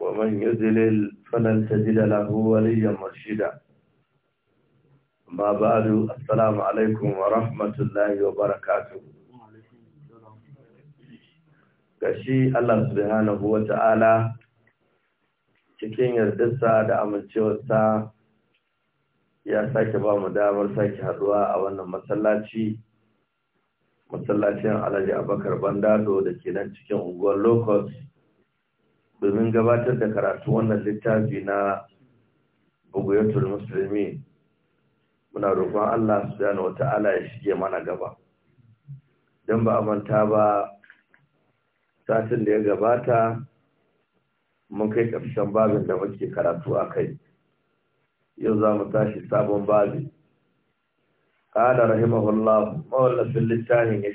ومن يذلل فلن تجد له وليا مرشدا ما بعد السلام عليكم ورحمة الله وبركاته gashi Allah subhanahu wa ta'ala cikin yardarsa da amincewarsa ya sake ba mu damar sake haduwa a wannan masallaci masallacin Alhaji Abakar Bandado da ke nan cikin unguwar Locust domin gabatar da karatu wannan littafi na buguyatul musulmi muna roƙon Allah subhanahu wata'ala ya shige mana gaba don ba a manta ba satin da ya gabata mun kai ƙarshen babin da muke karatu a kai yau za mu tashi sabon babi ƙada rahimahullah mawallafin littafin ya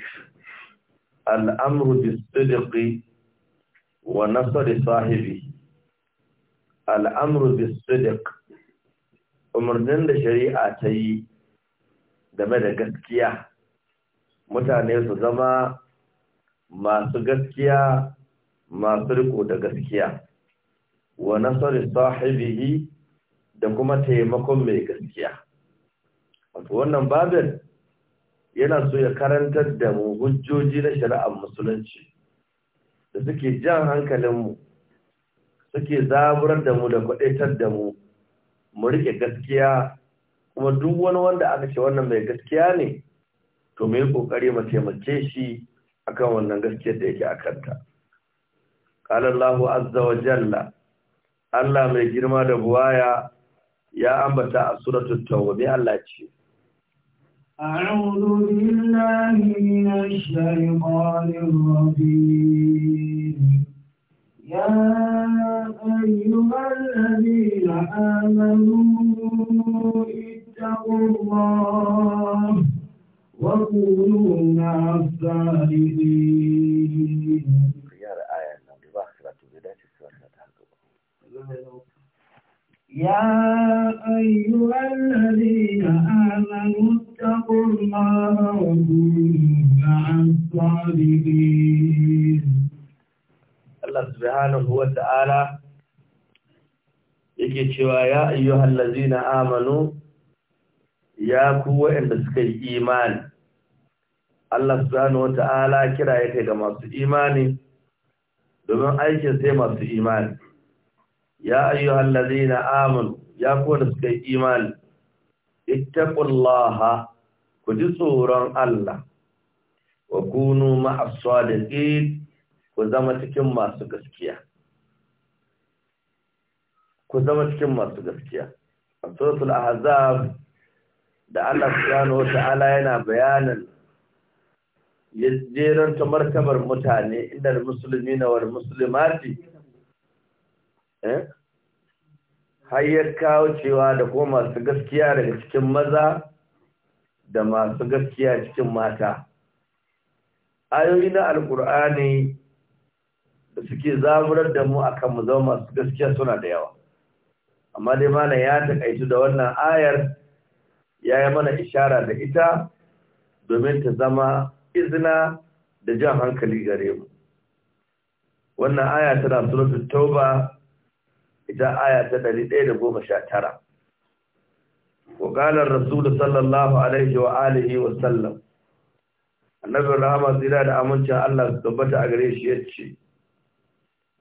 al'amru bi sidiqi wa nasari sahibi al'amru bisidik umarnin da shari'a ta yi game da gaskiya mutane su zama masu gaskiya masu riko da gaskiya wa nasari sahibihi da kuma taimakon mai gaskiya wannan babin yana so ya karantar da mu hujjoji na shari'ar musulunci da suke jan hankalinmu suke zaburar da mu da kwadaitar da mu mu rike gaskiya kuma duk wani wanda aka ce wannan mai gaskiya ne to mu yi kokari mu taimake shi akan wannan gaskiyar da yake a kanta qala Allahu azza wa jalla Allah mai girma da buwaya ya ambata a suratul tawbah Allah ce أعوذ بالله من الشيطان الرجيم يا أيها الذين آمنوا اتقوا الله وكونوا مع الصالحين يا أيها الذين آمنوا اتقوا الله وكونوا مع الصادقين الله سبحانه وتعالى yake cewa ya ayyuhal ladzina amanu ya ku wa'anda suka yi imani Allah subhanahu wata'ala kira yake ga masu imani domin aikin sai masu imani ya ayyuhal ladina amanu ya ku da suka yi imani Itaƙullaha ku ji tsoron Allah wa kunu ma'as sadiqin ku zama cikin masu gaskiya ku zama cikin masu gaskiya a ahzab da Allah subhanahu wata'ala yana bayanin jeran ta martabar mutane inda musulmi na wal muslimati hayyar eh? kawo cewa da kuma masu gaskiya daga cikin maza da masu gaskiya cikin mata ayoyi na alkur'ani da suke zaburar da mu akan mu zama masu gaskiya suna da yawa amma dai mana ya takaitu da wannan ayar ya yi mana ishara da ita domin ta zama izina da jan hankali gare mu wannan aya tana suratul tauba ita aya ta 119 وقال الرسول صلى الله عليه wa وسلم Annabin Rahama, الله da amincin Allah tabbata a gare shi yace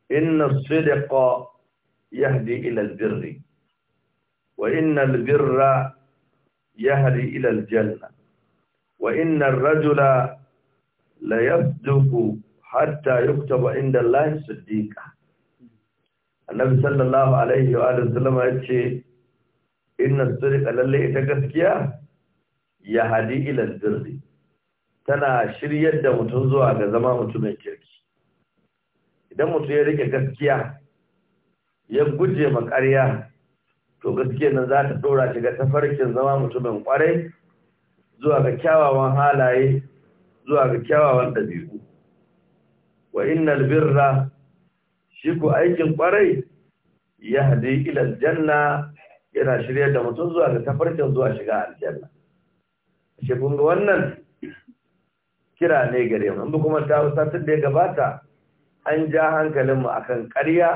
inna as-sidqa yahdi ila al wa inna birra yahdi ila janna wa inna rajula la yasduqu hatta yuktaba inda Allah siddiqan annabi sallallahu alaihi wa sallama ya ce inna sirqa lalle ita gaskiya ya hadi ila dirri tana shiryar da mutum zuwa ga zama mutumin kirki idan mutum ya rike gaskiya ya guje ma ƙarya to gaskiya nan za ta dora shi ga tafarkin zama mutumin kwarai zuwa ga kyawawan halaye zuwa ga kyawawan ɗabi'u wa innal birra shi ko aikin kwarai ya hadi ila aljanna yana shirya da mutum zuwa ga tafarkin zuwa shiga aljanna shi kun ga wannan kira ne gare mu amma kuma ta satin da ya gabata an ja hankalin mu akan ƙarya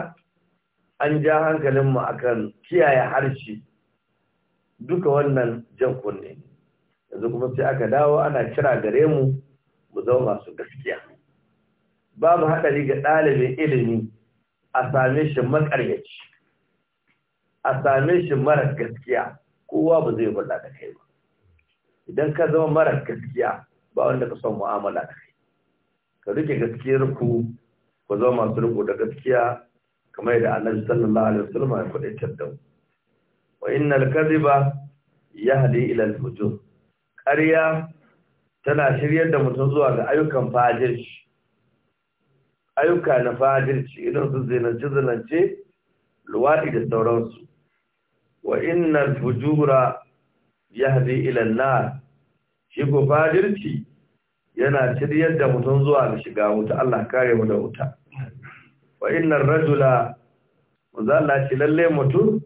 an ja hankalin mu akan kiyaye harshe duka wannan jan kunne yanzu kuma sai aka dawo ana kira gare mu mu zama masu gaskiya babu haɗari ga ɗalibin ilimi a same shi makaryaci a same shi mara gaskiya kowa ba zai hulɗa da kai ba idan ka zama mara gaskiya ba wanda ka son mu'amala da kai ka rike gaskiyar ku ku zama masu riko da gaskiya kamar yadda annabi sallallahu alaihi wasallam ya faɗi tabbau wa innal kadhiba yahdi ila al-fujur ƙarya tana shiryar da mutum zuwa ga ayyukan fajirci ayyuka na fadilci idan su zinance-zinance luwaɗi da sauransu wa inna fujura ya haɗe an shigo shi yana shiryar da mutum zuwa da shiga wuta Allah kare mu da wuta wa inna rajula muzalla shi lalle mutum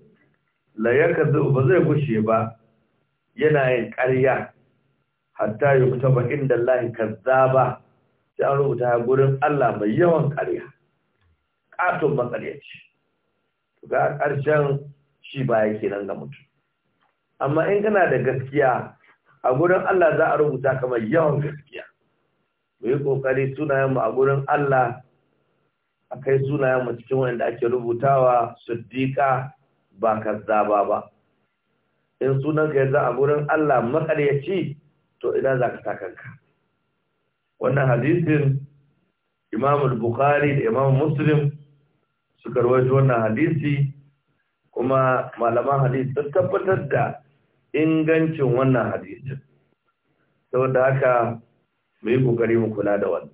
la yakzu ba zai gushe ba yana yin ƙarya hatta ba inda Allah ba. sai an rubuta gurin Allah mai yawan ƙarya ƙaton matsalaci ga ƙarshen shi baya kenan ga mutum amma in kana da gaskiya a gurin Allah za a rubuta kamar yawan gaskiya mu yi kokari sunayenmu a gurin Allah a kai mu cikin wanda ake rubutawa siddiqa ba kazzaba ba in sunanka yanzu a gurin Allah makaryaci to idan za ka sa kanka wannan hadisin imam bukhari da imam muslim suka rawaito wannan hadisi kuma malaman hadisi sun tabbatar da ingancin wannan hadisin saboda haka mu yi kokari mu kula da wannan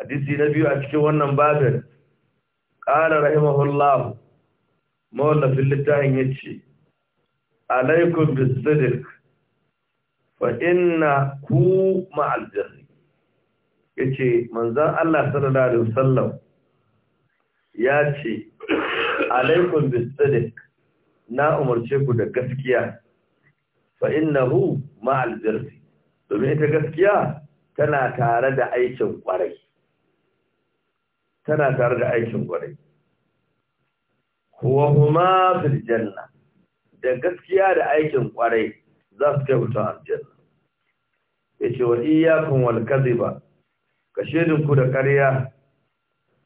hadisi na biyu a cikin wannan babin qala rahimahullah mawallafin littafin yace alaikum bis-sidq fa inna ku maal yace manzon Allah sallallahu alaihi wasallam ya ce alaikum bis-sidq na umarce ku da gaskiya fa innahu ma'al birri domin ita gaskiya tana tare da aikin kwarai tana tare da aikin kwarai Kuwa huma fil janna da gaskiya da aikin kwarai za su kai mutum aljanna ya ce wa iyakun wal ba. ka shedinku da ƙarya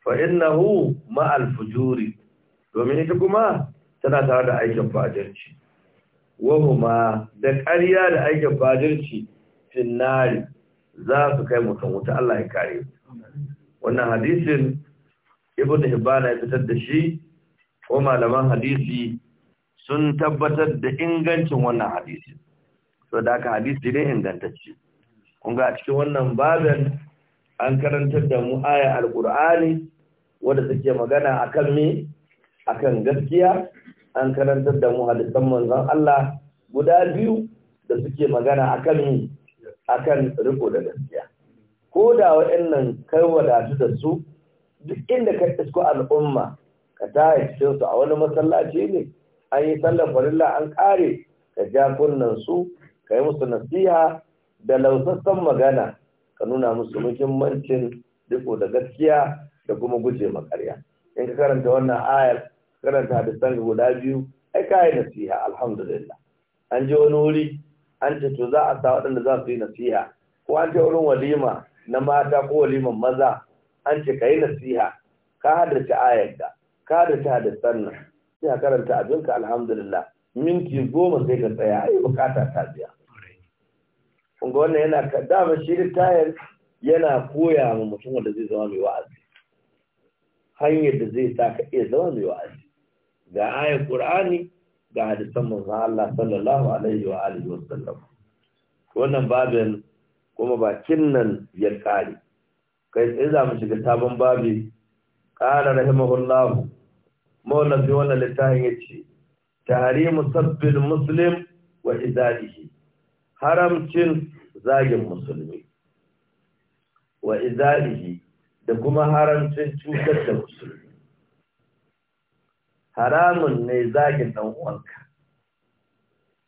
fa innahu ma'al fujuri domin ita kuma tana tare da aikin fajirci wahuma da ƙarya da aikin fajirci finnari za su kai mutum wuta Allah ya kare wannan hadisin ibn hibana ya fitar da shi ko malaman hadisi sun tabbatar da ingancin wannan hadisi so da aka hadisi ne ingantacce kun ga a cikin wannan babin an karantar da mu aya alkur'ani wadda take magana akan me akan gaskiya an karantar da mu hadisan manzon Allah guda biyu da suke magana akan me akan riko da gaskiya ko da waɗannan kai wadatu da su duk inda ka isko al'umma ka ta yi su a wani masallaci ne an yi sallar farilla an kare ka ja kunnan su ka yi musu nasiha da lausassan magana ka nuna musu muhimmancin riko da gaskiya da kuma guje ma ƙarya in ka karanta wannan ayar karanta hadisan guda biyu ai ka yi nasiha alhamdulillah an je wani wuri an ce to za a sa waɗanda za su yi nasiha ko an ce wurin walima na mata ko waliman maza an ce ka yi nasiha ka haddace ayar da ka haddace hadisan nan sai ka karanta abinka alhamdulillah minti goma sai ka tsaya ai bukata ta biya kunga wannan yana kaddama shi ritayar yana koya ma mutum wanda zai zama mai wa'azi hanyar da zai sa ka iya zama mai wa'azi ga ayar qur'ani ga hadisan manzo Allah sallallahu alaihi wa alihi wasallam wannan babin kuma bakin nan ya kare kai sai za mu shiga sabon babi qala rahimahullah maulafi wannan littafin yace tahrimu sabbil muslim wa idalihi haramcin zagin musulmi wa izalihi da kuma haramcin cutar da musulmi haramun ne zagin ɗan'uwanka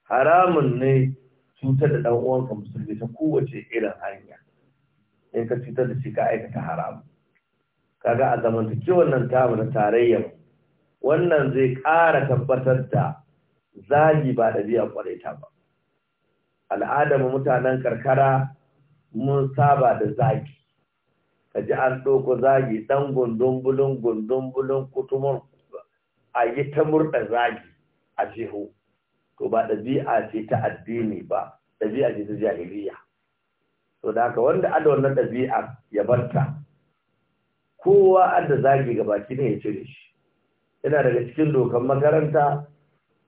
haramun ne cutar da dan musulmi ta kowace irin hanya in ka cutar da shi ka aikata haramu kaga a zamantake wannan tamu na tarayyar wannan zai ƙara tabbatar da zagi ba da biyan ta ba al'adar mutanen karkara mun saba da zagi kaji an ɗauko zagi ɗan gundun bulun gundun bulun kutumar a yi ta murɗa zagi a jiho. to ba ɗabi'a ce ta addini ba ɗabi'a ce ta jahiliya to da haka wanda ada wannan ɗabi'a ya barta kowa da zagi ga baki ne ya cire shi yana daga cikin dokan makaranta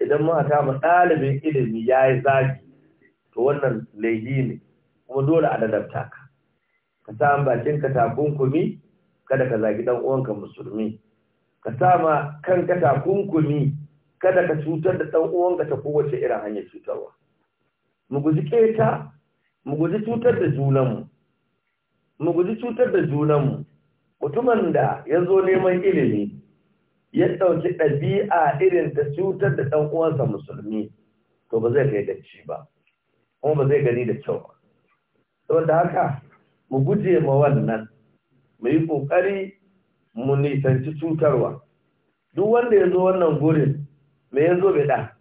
idan muka kama ɗalibin ilimi ya yi zagi to wannan laihi ne kuma dole a ladabta ka ka sa bakin ka takunkumi kada ka zagi dan uwanka musulmi ka sa ma kanka takunkumi kada ka cutar da dan uwanka ta kowace irin hanyar cutarwa mu guji keta mu guji cutar da junanmu mu guji cutar da mu mutumin da ya zo neman ilimi ya ɗauki ɗabi'a irin ta cutar da ɗan uwansa musulmi to ba zai kai dace ba kuma ba zai gani da kyau ba saboda haka mu guje ma wannan mu yi kokari mu nisanci cutarwa duk wanda ya zo wannan gurin me ya zo bai da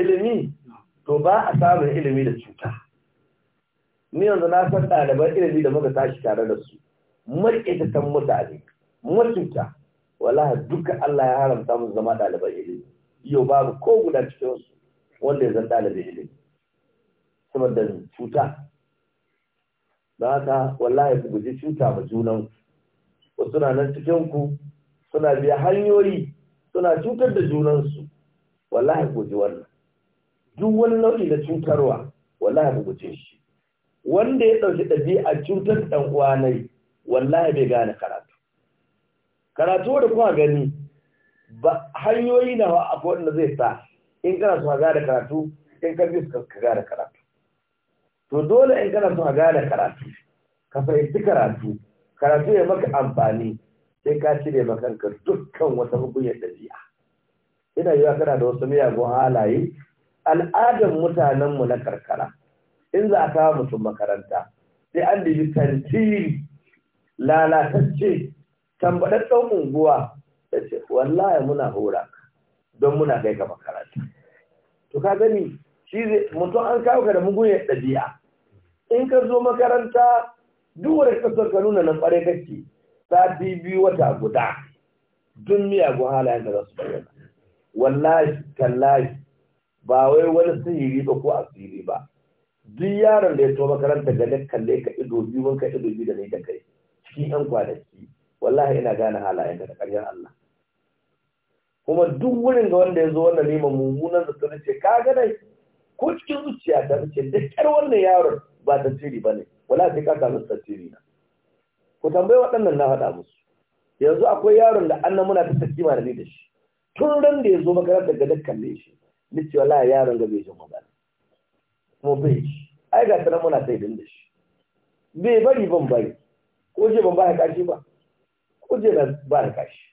ilimi to ba a samun ilimi da cuta ni yanzu na san ɗaliban ilimi da muka tashi tare da su san mutane mutunta wallahi duka Allah ya haramta mu zama ɗaliban ilimi yau babu ko guda cikin wanda ya zan ɗaliban ilimi saboda cuta da haka wallahi ku guji cuta ma junan ku suna nan cikin ku suna biya hanyoyi suna cutar da junansu wallahi ku guji wannan duk wani nau'i da cutarwa wallahi ku guje shi wanda ya ɗauki a cutar dan uwa uwanai wallahi bai gane karatu karatu da kuma gani ba hanyoyi na akwai wanda zai sa in kana so ka gane karatu in ka bi ka gane karatu to dole in kana so a gane karatu ka fahimci karatu karatu ya maka amfani sai ka cire ma kanka dukkan wata hukunyar ɗabi'a ina yiwa kana da wasu miyagun halaye al'adar mutanenmu na karkara in za a kawo mutum makaranta sai an dubi tantiri lalatacce tambaɗar unguwa da ce wallahi muna hora don muna kai ka makaranta to ka gani shi mutum an kawo ka da mugunyar ɗabi'a in ka zo makaranta duk kasar ka nuna nan ɓare kake sati biyu wata guda dun go halayen da za su bayyana wallahi tallahi ba wai wani sihiri ba ko asiri ba duk yaron da ya to makaranta ga kalle ka ido biyu wanka ido biyu da ne da kai cikin yan kwanaki wallahi ina gane halayen da ƙaryar Allah kuma duk wurin ga wanda ya zo wannan neman mummunan zato na ce ka ga dai ko cikin zuciya ta ce da kyar wannan yaron ba tasiri ba ne wala sai ka samu tasiri na ku tambayi waɗannan na faɗa musu yanzu akwai yaron da annan muna ta tasima da ni da shi tun ran da ya zo makarantar ga kalle shi ni ce wala yaron ga bai jin magana kuma bai shi, ai ga sanan muna sai da shi bai bari ban bari ko je ban ba kashi ba ko je na ba kashi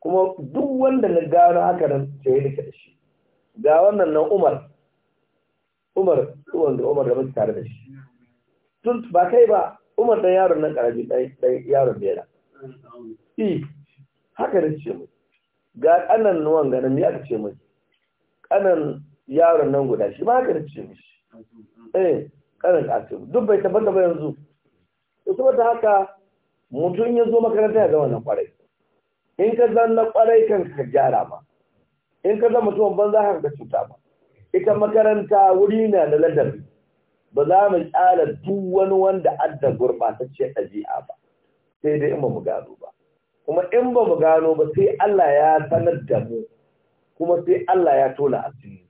kuma duk wanda na gano haka nan sai ya da shi ga wannan nan Umar Umar Umar da Umar da mutu tare da shi tun ba kai ba Umar da yaron nan karami dai yaron bera i haka da ce mu ga kanan nuwan ganin ya ce mu kanan yaron nan guda shi ba haka da ce mu eh ƙanan ka ce duk bai tabbata ba yanzu to ta haka mutum ya zo makaranta ya zama na kwarai in ka zan na kwarai kan ka gyara ma in ka zama mutum banza haka ka cuta ma ita makaranta wuri na da ladabi ba za mu tsara duk wani wanda adda gurɓatacciyar ɗabi'a ba sai dai in ba mu gano ba kuma in ba mu gano ba sai Allah ya sanar da mu kuma sai Allah ya tona asiri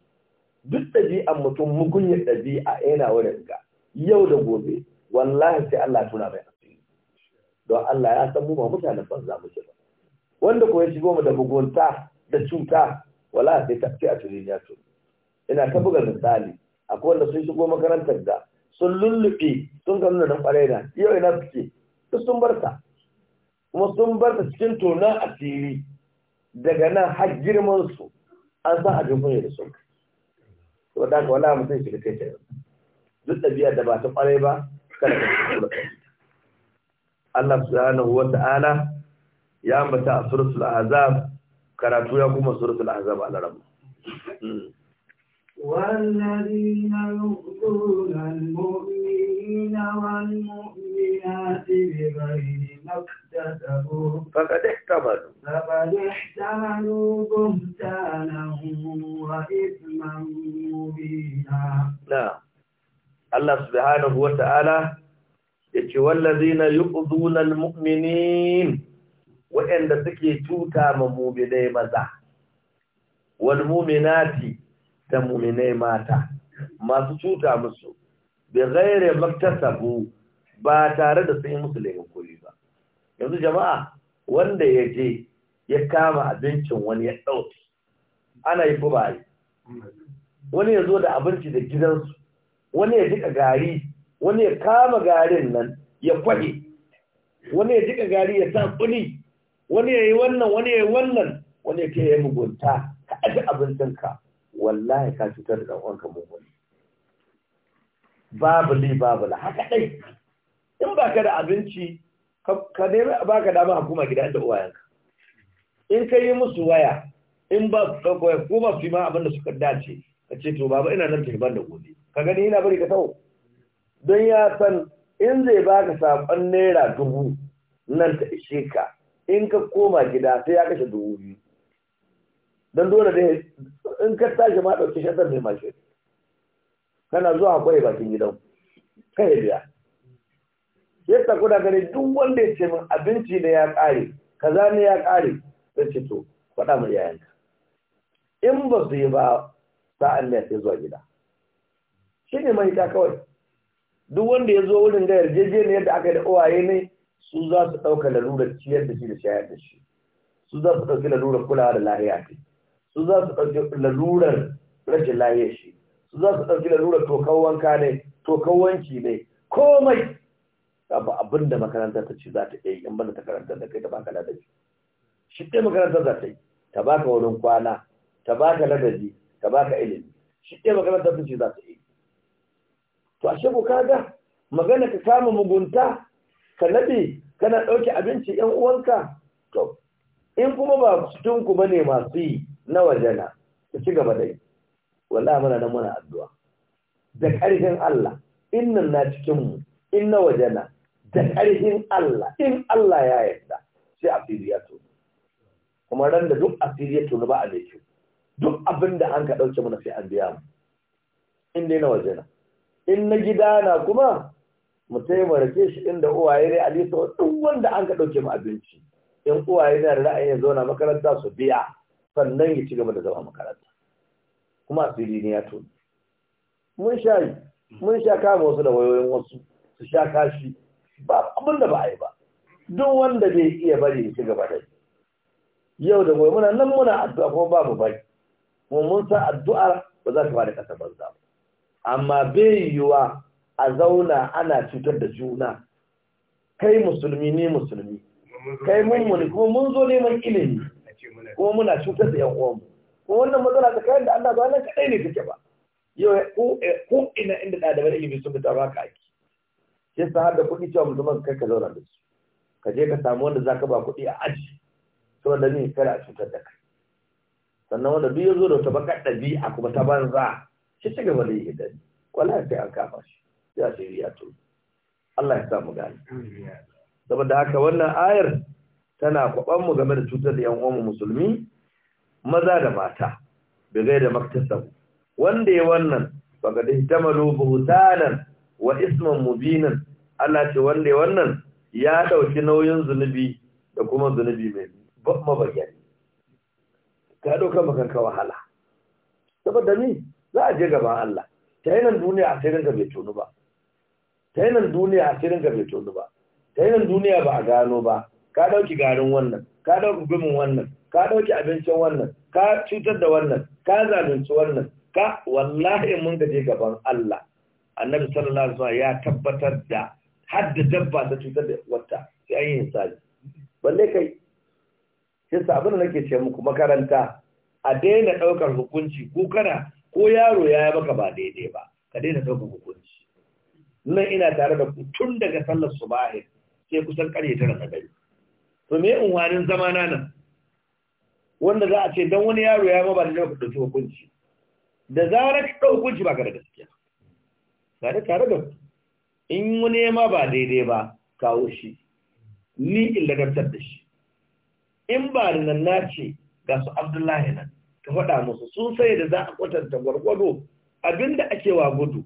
duk ɗabi'an mutum mugunyar ɗabi'a yana wurin ga yau da gobe wallahi sai Allah tona mai asiri don Allah ya san mu ba mutanen banza muke ba wanda ko ya shigo mu da mugunta da cuta wallahi sai ta ce a tuni ya tuni ina ta buga misali akwai wanda sun shigo makarantar da sun lulluɓe sun gamna da ƙwarera yau ina suke duk sun barta kuma sun barta cikin tonon asiri daga nan har girman su an san abin kunya da sun to da ka wala mutum shiga kai yau, duk biyar da ba ta ƙwarai ba kada ka shiga kai Allah subhanahu wa ta'ala ya ambata a suratul ahzab karatu ya kuma suratul ahzab a rabb والذين يؤتون المؤمنين والمؤمنات بغير ما اكتسبوا فقد احتملوا فقد احتملوا بهتانا وإثما مبينا نعم الله سبحانه وتعالى yace wallazina yu'dhuna almu'minin wa'anda suke cuta ma mu'minai maza wal mu'minati ta muminai mata masu cuta musu bi ghairi maktasabu ba tare da sun yi musu laifin ba yanzu jama'a wanda ya je ya kama abincin wani ya ɗauki ana yi ba wani ya zo da abinci da gidansu wani ya jika gari wani ya kama garin nan ya kwaɗe wani ya jika gari ya sa kuni wani ya yi wannan wani ya yi wannan wani ya ke ya mugunta ka aji abincinka wallahi ka cutar da ɗan uwanka wani. babu li babu la haka dai in baka da abinci ka nemi baka dama hukuma gida da uwayenka in ka yi musu waya in ba ka koya ko ba su ma abin da suka dace ka ce to baba ina nan ban da gobe ka gani ina bari ka tawo don ya san in zai baka sakon naira dubu nan ta ishe ka in ka koma gida sai ya kashe dubu biyu don dole dai in ka tashi ma ɗauki shatar mai mashin kana zuwa kwaye bakin gidan kai biya yadda kuna gani duk wanda ya ce min abinci ne ya ƙare kaza ne ya ƙare zan ce to faɗa mai yayanka in ba su yi ba sa'an ne sai zuwa gida shi ne ta kawai duk wanda ya zo wurin yarjeje ne da aka yi da uwaye ne su za su ɗauka lalurar ciyar da shi da shayar da shi su za su ɗauki lalurar kulawa da lahiya ce su za su ɗauki lalurar rashin laye shi su za su ɗauki lalurar tokan wanka ne tokan wanki ne komai ba abin da makarantar ta ce za ta yi in bada ta karanta da kai ta baka ladabi shi ɗaya makarantar za ta yi ta baka wurin kwana ta baka ladabi ta baka ilimi shi ɗaya makarantar ta ce za ta yi to a ashe ka ga magana ka kama mugunta ka nabe kana ɗauke abinci ‘yan uwanka to in kuma ba cikinku ba bane masu yi na wajena su ci gaba da yi wallahi muna nan muna addu'a da ƙarfin Allah innan na cikin mu in na wajena da ƙarfin Allah in Allah ya yarda sai fili ya tuni kuma ran da duk asiri ya tuni ba a da duk abin da an ka ɗauke mana sai an biya mu in dai na wajena in na gida na kuma mu taimake shi inda uwaye ne alisa duk wanda an ka ɗauke mu abinci in uwaye na da ra'ayin zauna makaranta su biya sannan ya ci gaba da zama makaranta kuma fili ne ya tuni mun sha yi mun sha kama wasu da wayoyin wasu su sha kashi ba abin da ba a yi ba duk wanda bai iya bari ya ci gaba da yau da gobe muna nan muna addu'a kuma babu bari mun mun sa addu'a ba za ta ba da kasa banza ba amma bai yiwuwa a zauna ana cutar da juna kai musulmi ne musulmi kai mun kuma mun zo neman ilimi kuma muna cutar da yan uwanmu kuma wannan matsala ta kayan da Allah ba nan kadai ne take ba yau ko eh, ina inda da ilimi sun fita ba ka aiki Sai sa har da kuɗi cewa musamman kai ka zauna da su ka je ka samu wanda zaka ba kuɗi a aji saboda ni kada a cutar da kai sannan wanda duk yazo zo da wata bakar ɗabi'a kuma ta banza shi ci gaba da yi hidari wallahi sai an kama shi sai ya to Allah ya samu gani saboda haka wannan ayar tana kwaban mu game da cutar da yan uwan musulmi maza da mata bi gaida maktasab wanda ya wannan baka da hitamalu buhtanan wa isman mubinan Allah ce wanda ya wannan ya dauki nauyin zunubi da kuma zunubi mai mabayyani ka dauka makanka wahala saboda ni za a je gaban Allah ta yi nan duniya a sirrinka bai tonu ba ta yi nan duniya a sirrinka bai tonu ba ta yi nan duniya ba a gano ba ka ɗauki garin wannan ka ɗauki gumin wannan ka ɗauki abincin wannan ka cutar da wannan ka zalunci wannan ka wallahi mun gaje gaban Allah annabi sallallahu alaihi wasallam ya tabbatar da hadda dabba ta cutar da wata sai an yi misali balle kai yasa abin da nake ce muku makaranta a daina ɗaukar hukunci ko kana ko yaro ya yi maka ba daidai ba ka daina ɗaukar hukunci nan ina tare da ku tun daga sallar subahi sai kusan karye tara na gari to me unwanin zamana nan wanda za a ce don wani yaro ya ma ba da ka ɗauki hukunci da zarar ka ɗauki hukunci ba ka da gaskiya ba da tare da in wani ma ba daidai ba kawo shi ni in lagartar da shi in ba da nan na ce ga su abdullahi nan ka faɗa musu sun sai da za a kwatanta gwargwado abinda ake wa gudu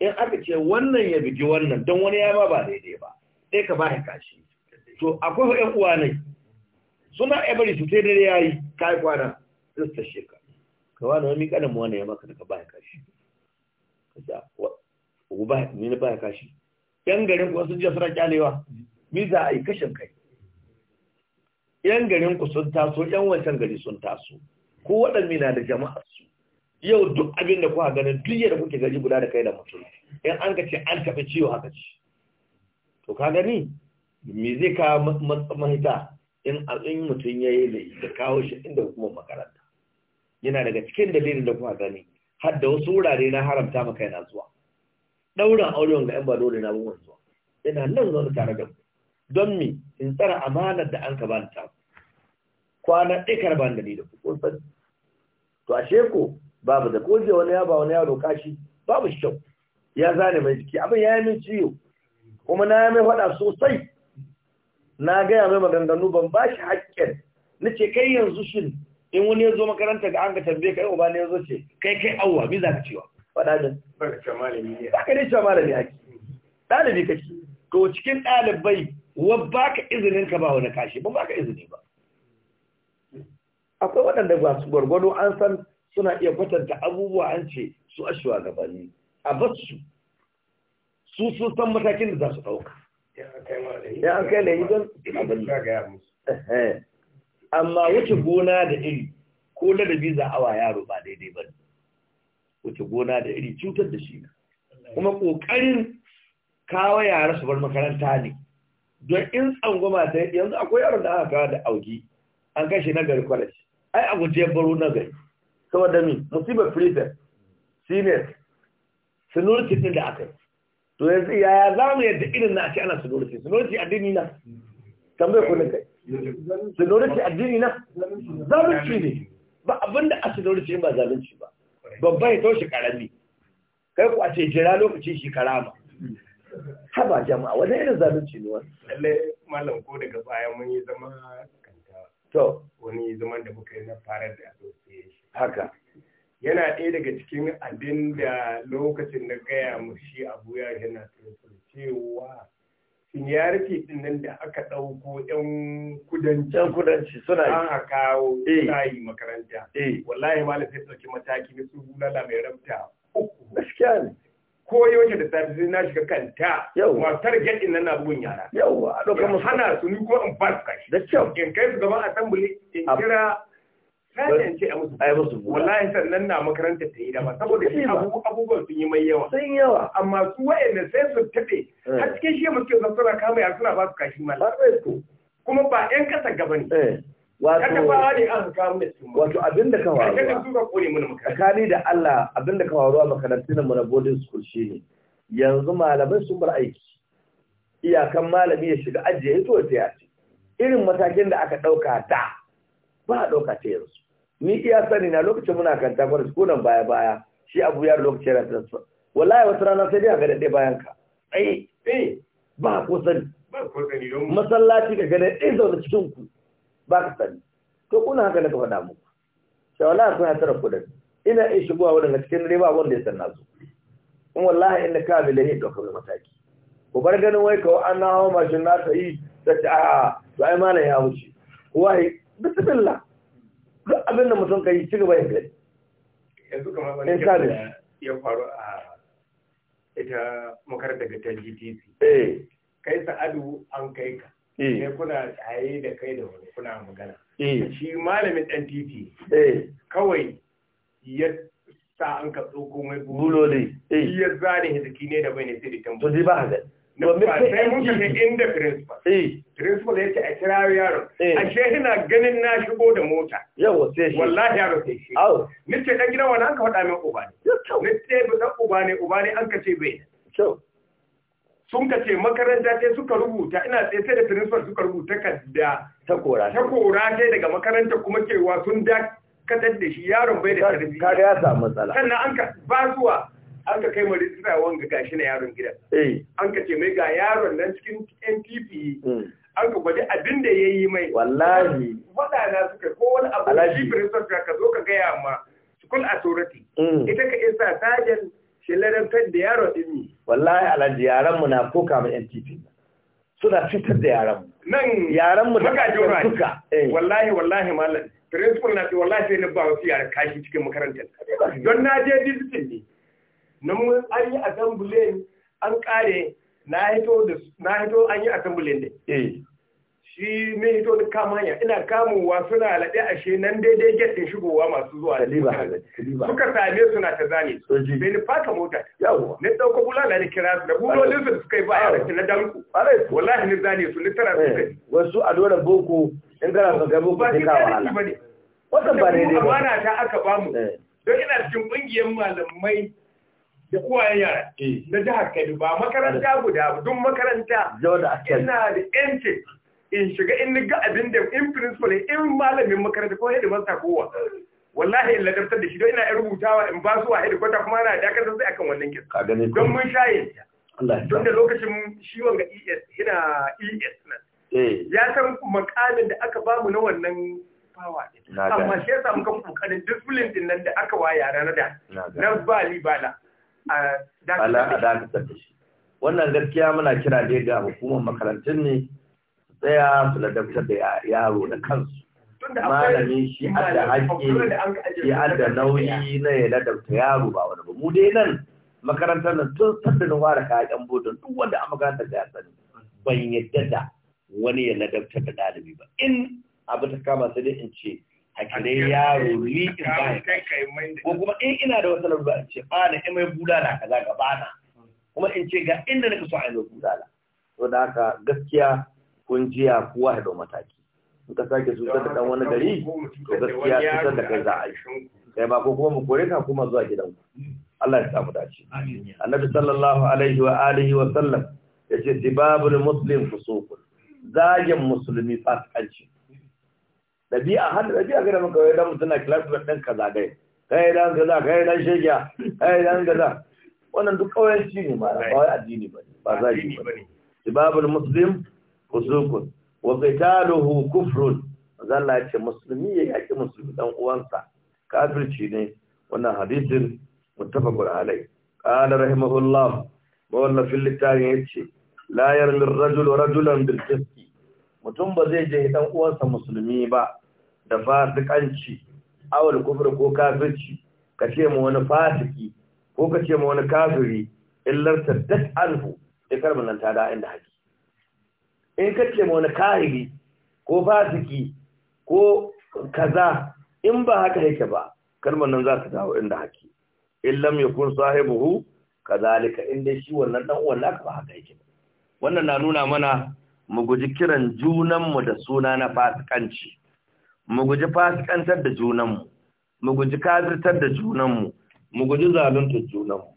in aka ce wannan ya bigi wannan don wani ya ma ba daidai ba sai ka ba ya kashi to akwai ƴan uwa ne suna every su sai dare yayi kai kwana sai ta sheka ka wani kana mu wani ya maka daga baya kashi kaza wa ba ni ne baya kashi Ƴan garin ku sun je sura kyalewa mi za a yi kashin kai Ƴan garin ku sun taso ƴan wancan gari sun taso ko waɗanne na da jama'a su yau duk abin da kuka ganin duk yadda kuke gari guda da kai da mutum in an ka ce an tafi ciwo haka ci to ka gani me zai kawo mahita in in mutum ya yi laifi da kawo shi inda kuma makaranta yana daga cikin dalilin da kuma gani har da wasu wurare na haramta maka yana zuwa ɗaurin auren ga 'yan ba dole na buwan zuwa yana nan zuwa tare da don mi in tsara amanar da an ka ba ta kwana ɗikar ba da ni da kuka san to ashe ko babu da ko je wani yaba wani yaro kashi babu shi kyau ya zane mai jiki abin ya yi min ciwo kuma na yi mai faɗa sosai na gaya mai maganganu ban ba shi haƙƙin na ce kai yanzu shi in wani ya zo makaranta ga an ka tambaye kai uba ne ya zo ce kai kai awwa mi za ka cewa faɗa min ba ka ne cewa malami haƙi ɗalibi kake to cikin ɗalibai wa ba ka izinin ka ba wani kashi ban ba ka izini ba akwai waɗanda ba su gwargwado an san suna iya kwatanta abubuwa an ce su a gabani a basu su sun san matakin da za su ɗauka amma wuce gona da iri ko da biza awa yaro ba daidai ba ne wuce gona da iri cutar da shi kuma ƙoƙarin kawo yara su bar makaranta ne don in tsangwama ta yanzu akwai yaro da aka kawo da auki an kashe na gari kwalashi. ai a guje baro na gari saboda mi musibar prison senior sinurti din da aka yi so ya ce yaya za mu yadda irin na a ce ana sinodati sinodati addini na tambayar ku na kai sinodati addini na zalunci ne ba abinda a sinodati ba zalunci ba babba ya taushe karami kai ku a ce jira lokacin shi karama haba jama'a wani irin zalunci ne wani lalle malam ko daga baya mun yi zama kanta to wani zaman da muka yi na fara da association haka yana ɗaya daga cikin abin da lokacin na gaya mu shi abu ya yana cewa siniyarci, din nan da aka ɗauko yan kudanci yan kudanci suna yi a kawo eh. suna yi makaranta eh. wallahi malam sai ɗauki mataki na su lala mai rabta uku gaskiya ne ko yawanci da safe sai na shiga kanta ma target din nan na bugun yara yawa a ɗaukar musu hana su ni ko in ba su kashi da kyau in kai su gaban assembly in kira ai musu wallahi sannan na makarantar ta yi dama saboda shi abubuwan sun yi mai yawa sun yawa amma su wa'anda sai su taɓe eh. har cikin shi muke zan suna kama ya suna ba su kashi mala kuma ba yan ƙasa gaba ne eh. wato wato abin da kawo ruwa tsakani da Allah abin da kawo a makarantar mu na boarding school shine yanzu malamai sun bar aiki iyakan malami ya shiga ajiye ya to ya ce irin matakin da aka ɗauka da ba a ɗauka ta yanzu ni iya sani na lokacin muna kan takwarar su nan baya baya shi abu ya lokacin yana transfer wallahi wata rana sai dai a gaɗaɗe bayan ka ai eh ba ko sani masallaci ga gaɗaɗe zaune cikin ku ba ka sani to kuna haka na ka faɗa muku sai wallahi sun hatar kuɗin ina iya shigowa wadanda cikin dare ba wanda ya san na su in wallahi inda ka bi lahi ɗaukar mataki ku bar ganin wai kawai an na hawa mashin na ta yi ta ce a'a to ai malam ya wuce kowa bismillah duk abin da mutum kai ci gaba ya gari yanzu kamar wani kira ya faru a ita makarantar ga ta GTC eh. kai sa'adu an kai ka sai eh. kuna tsaye da kai da wani kuna magana eh. shi malamin dan titi kawai ya sa an ka tsoko mai bulo ne ya zane hiziki ne da bai ne sai da tambo ba domin sai mun tafi inda principal eh. principal yace a kira yaro eh. ashe ina ganin na shigo da mota yawa sai shi wallahi yaro sai shi au nace dan gidan wani an ka faɗa min uba ne nace ba dan uba ne uba ne an ka ce bai sun ka ce makaranta sai suka rubuta ina tsaye sai da principal suka rubuta kadda ta kora ta kora sai daga makaranta kuma cewa sun dakatar da shi yaron bai da tarbiyya kaga ya samu matsala sannan an ka ba zuwa an ka kai mari suna ga gashi na yaron gidan eh. an ka ce mai ga yaron nan cikin NPP hmm. an ka gwaje abin da ya yi mai wallahi waɗanda suka ko wani abu da shi firistar ka zo ka gaya ma school authority hmm. ita ka isa sajan shi ladantar da yaron din ne wallahi alhaji yaran mu na koka ma NPP suna fitar da yaran mu nan yaran mu da suka eh. wallahi wallahi malam principal na ce wallahi sai na ba wasu yaran kashi cikin makarantar don na je digital ne na mun an yi assembly an kare na hito da na hito an yi assembly ne eh shi ne hito da kama hanya ina wa suna a ashe nan daidai gate shigowa masu zuwa suka same suna ta zane sai ni faka mota ne dauko bulala ne kira su da ne su suka yi baya da na danku wallahi ni zane su litara su kai eh. wasu a dole boko in kana ka ga boko sai ka wahala wannan ba ne ne. amana ta aka bamu eh. don ina cikin kungiyar malamai da ya yara eh. na jihar Kano ba makaranta guda ba Dun makaranta ina da yanci in shiga in ga abin da in principal in malamin makaranta ko head masa kowa wallahi in ladabtar da shi don ina rubutawa in ba su a kwata kuma ana dakatar sai akan wannan kisa don mun shaye don da lokacin shi wanga ES ina ES na. Eh. ya san makamin da aka bamu na wannan fawa amma shi yasa muka kokarin discipline din nan da aka wa yara na da na ba bala a dakatar da shi wannan gaskiya muna kira ne ga hukumar makarantun ne tsaya su ladabtar da yaro da kansu malami shi adda haƙƙi shi adda nauyi na ya ladabta yaro ba wani ba mu dai nan makarantar nan tun sanda na ware kayan bodon duk wanda a makarantar da ya sani ban yadda da wani ya ladabtar da ɗalibi ba in abu ta kama sai dai in ce a kire yaro ni in ba ko kuma in ina da wata larura in ce ba na in mai bulala kaza gaba na kuma in ce ga inda nake so a yi mai bulala to da haka gaskiya kun jiya kowa ya dau mataki in ka sake su da dan wani gari to gaskiya cutar da kai za a yi kai ba ko kuma mu kore ka kuma zuwa gidan ku Allah ya samu dace annabi sallallahu alaihi wa alihi wa sallam yace sibabul muslim fusuqul zagin musulmi fasikanci ɗabi'a har da ɗabi'a gada maka wai dan mutum na classmate ɗin kaza dai kai dan kaza kai dan shegiya kai dan kaza wannan duk shi ne ma ba wai addini ba ba za ki ba sibabul muslim usukun wa qitaluhu kufrun Allah ya ce musulmi ya yaki musulmi dan uwansa kafirci ne wannan hadisin muttafaqun alai qala rahimahullah wannan fil littafin yace la yarmi ar-rajulu rajulan bil mutum ba zai je dan uwansa musulmi ba da fasikanci awal kufur ko kafirci ka ce ma wani fasiki ko ka ce ma wani kafiri illar duk alhu da karbin nan ta da inda haƙi in ka ce ma wani kahiri ko fasiki ko kaza in ba haka yake ba karbin nan za ta dawo inda haƙi illam yakun sahibuhu kazalika inda shi wannan dan uwan naka ba haka yake ba wannan na nuna mana mu guji kiran junanmu da suna na fasikanci mu guji fasikantar da junanmu mu guji kafirtar da junanmu mu guji zaluntar junanmu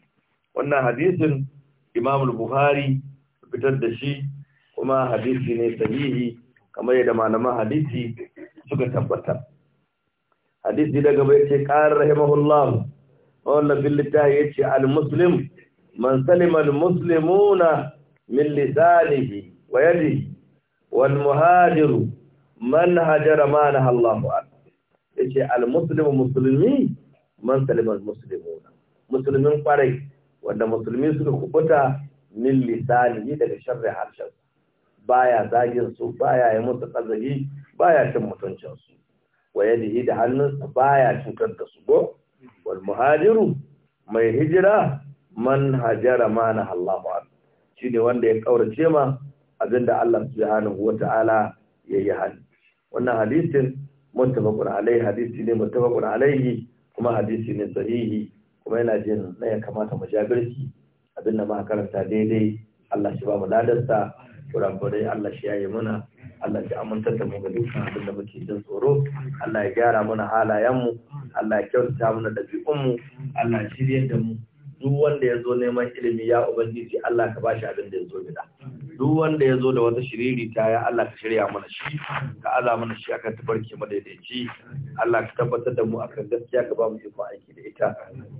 wannan hadisin Imam al Bukhari fitar da shi kuma hadisi ne sahihi kamar yadda malaman hadisi suka tabbata hadisi daga bai ce qala rahimahullah wannan billahi yace al-muslim man salima al-muslimuna min lisanihi wa yadihi wal muhajiru man hajara ma na Allahu an yace al-muslimu musulmi man salima muslimuna musulmin kwarai wanda musulmi suka kubuta min lisani daga sharri harshen baya zagin su baya ya musu ba baya cin mutuncinsu su wayadihi da hannunsa baya cutar da su go wal muhajiru mai hijira man hajara ma na Allahu an shine wanda ya kaurace ma abinda Allah subhanahu wata'ala yayi hannu wannan hadisin muttafaqun alaihi hadisi ne muttafaqun alaihi kuma hadisi ne sahihi kuma yana jin na ya kamata mu jabirci abinda muka karanta daidai Allah shi ba mu ladarsa kurakurai Allah shi yayi muna Allah shi amintar da mu ga dukkan abin muke jin tsoro Allah ya gyara halayen mu Allah ya kyautata mana mu Allah ya da mu duk wanda ya zo neman ilimi ya ubangiji Allah ka bashi abin da ya zo gida duk wanda ya zo da wata shiriri ta ya Allah ka shirya mana shi ka ala mana shi akan tabarki madaidaici Allah ka tabbatar da mu akan gaskiya ka ba mu iko aiki da ita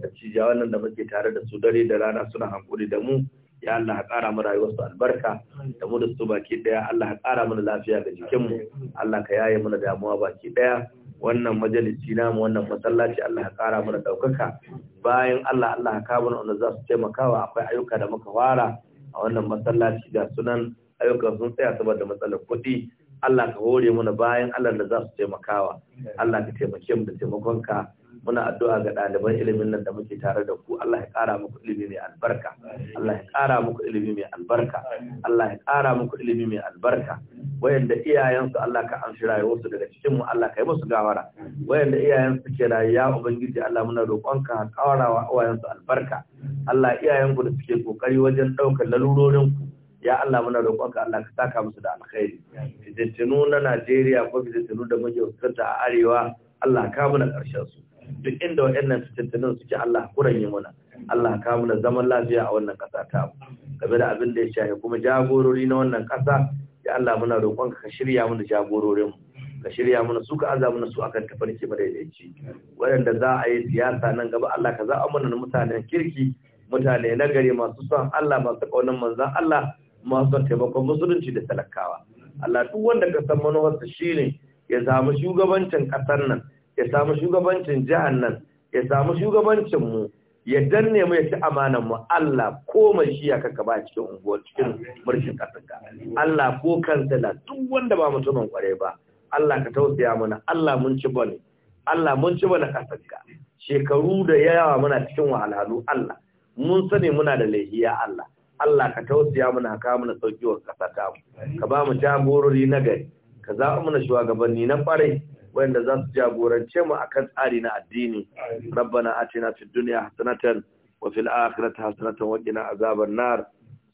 a cijawa wannan da muke tare da su dare da rana suna hankuri da mu ya Allah ka kara mu rayuwarsu albarka da mu da su baki daya Allah ka kara mana lafiya ga jikinmu Allah ka yaye mana damuwa baki daya wannan majalisi namu wannan masallaci Allah ya kara mana daukaka bayan Allah Allah ya kawo wanda za su taimakawa akwai ayyuka da muka fara a wannan masallaci ga sunan ayyukan sun tsaya saboda matsalar kuɗi Allah ka hore mana bayan Allah da za su taimakawa Allah ka taimake mu da taimakonka muna addu'a ga ɗaliban ilimin nan da muke tare da ku Allah ya ƙara muku ilimi mai albarka Allah ya ƙara muku ilimi mai albarka Allah ya ƙara muku ilimi mai albarka wayanda iyayensu Allah ka amshi rayuwarsu daga cikin mu Allah ka yi musu gawara wayanda iyayensu ke rayuwa ubangiji Allah muna roƙonka ka ƙara wa uwayensu albarka Allah iyayenku da suke kokari wajen ɗaukar lalurorin ku ya Allah muna roƙonka Allah ka saka musu da alkhairi fitattunu na Najeriya ko fitattunu da muke fuskanta a arewa Allah ka muna ƙarshen su duk inda waɗannan fitattunan suke Allah kuran yi muna Allah ka mu zaman lafiya a wannan ƙasa ta game da abin da ya shafi kuma jagorori na wannan ƙasa ya Allah muna roƙon ka shirya mana jagororin ka shirya mana su ka aza mana su akan tafarki madaidaici waɗanda za a yi siyasa nan gaba Allah ka za a mana mutanen kirki mutane na gari masu son Allah masu ƙaunar manzan Allah masu son taimakon musulunci da talakawa Allah duk wanda ka san manuwarsa shine ya samu shugabancin ƙasar nan ya samu shugabancin jihar nan ya samu shugabancin mu ya danne mu ya ci amanan mu Allah mai shi ya ka ba cikin unguwar cikin mulkin kasarka Allah ko kansa la duk wanda ba mutumin kware ba Allah ka tausaya mana Allah mun ci bane Allah mun ci bane shekaru da yawa muna cikin wahalhalu Allah mun sani muna da lahiya Allah Allah ka tausaya mana ka mana saukiwar kasa ta mu ka ba mu jagorori na gari ka za mu na shugabanni na kware. wanda za su jagorance mu akan tsari na addini rabbana atina fid dunya hasanatan wa fil akhirati hasanatan wa qina azaban nar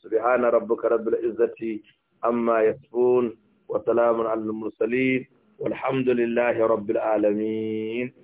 subhana rabbika rabbil izzati amma yasifun wa salamun alal mursalin والحمد لله رب